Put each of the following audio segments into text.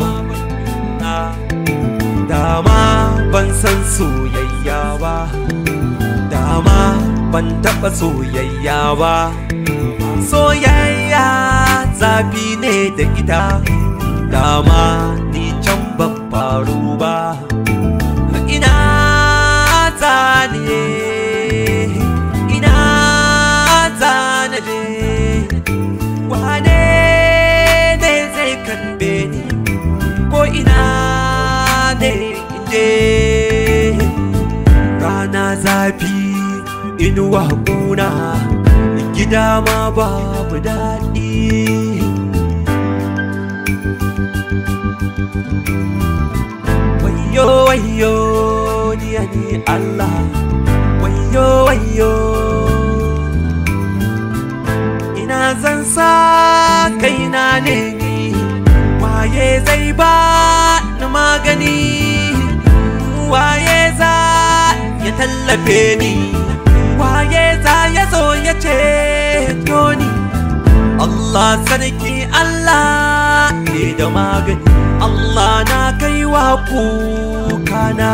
ban na dama ban san soyayya ba dama ban taɓa soyayya ba soyayya zafi ne da ita dama ni can ban faru ba rana zafi inuwa kuna gida ma babu daɗi wayo wayo ni ni Allah wayo wayo ina zan sa kaina ne tallafe ni waye za ya zo ya ce toni Allah sarki Allah ne da magani Allah na kaiwa kukana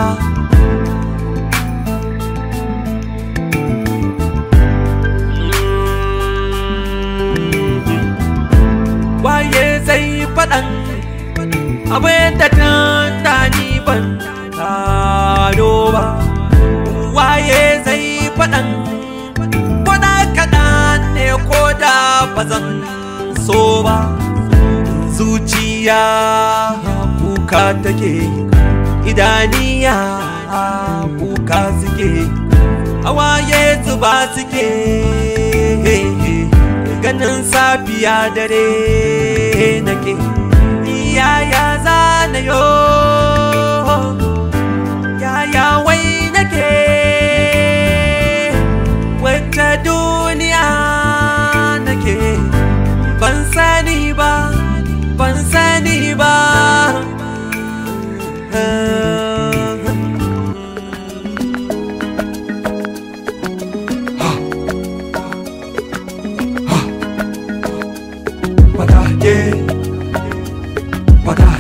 waye zai faɗan abin da ta tani soba zuciya kuka take idaniya kuka suke hawaye zuba suke ganin safiya dare nake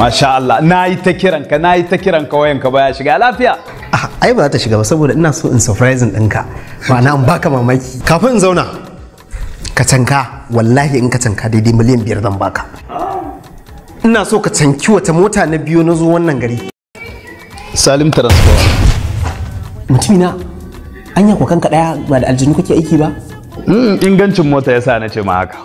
Masha Allah, na yi ta kiran ka, na yi ta kiran ka wayanka ba baya shiga lafiya. Ai ba za ta shiga ba saboda ina so in surprising ɗinka, ma'ana in baka mamaki. Kafin in zauna, ka canka, wallahi in ka canka daidai miliyan biyar zan baka. Ina so ka canki wata mota na biyu na zo wannan gari. Salim Transport. Mutumina, an yi kanka ɗaya ba da aljinu kake aiki ba? Hmm, ingancin mota ya sa na ce ma haka.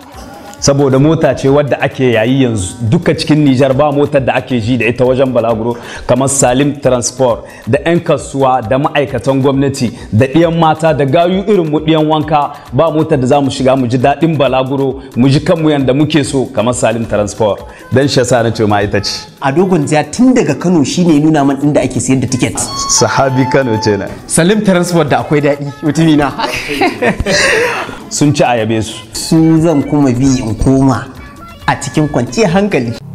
saboda mota ce wadda ake yayi yanzu duka cikin Nijar ba motar da ake ji da ita wajen balaguro kamar Salim Transport da 'yan kasuwa da ma'aikatan gwamnati da ɗiyan mata da gayu irin mu ɗiyan wanka ba motar da za mu shiga mu ji daɗin balaguro mu ji kanmu yanda muke so kamar Salim Transport dan shi yasa na ce ma ita ce a dogon ziya tun daga Kano shine nuna man inda ake sayar da tiket. sahabi Kano ce na Salim Transport da akwai daɗi mutumina. sun ci ayabe su su zan kuma bi in koma a cikin kwanciyar hankali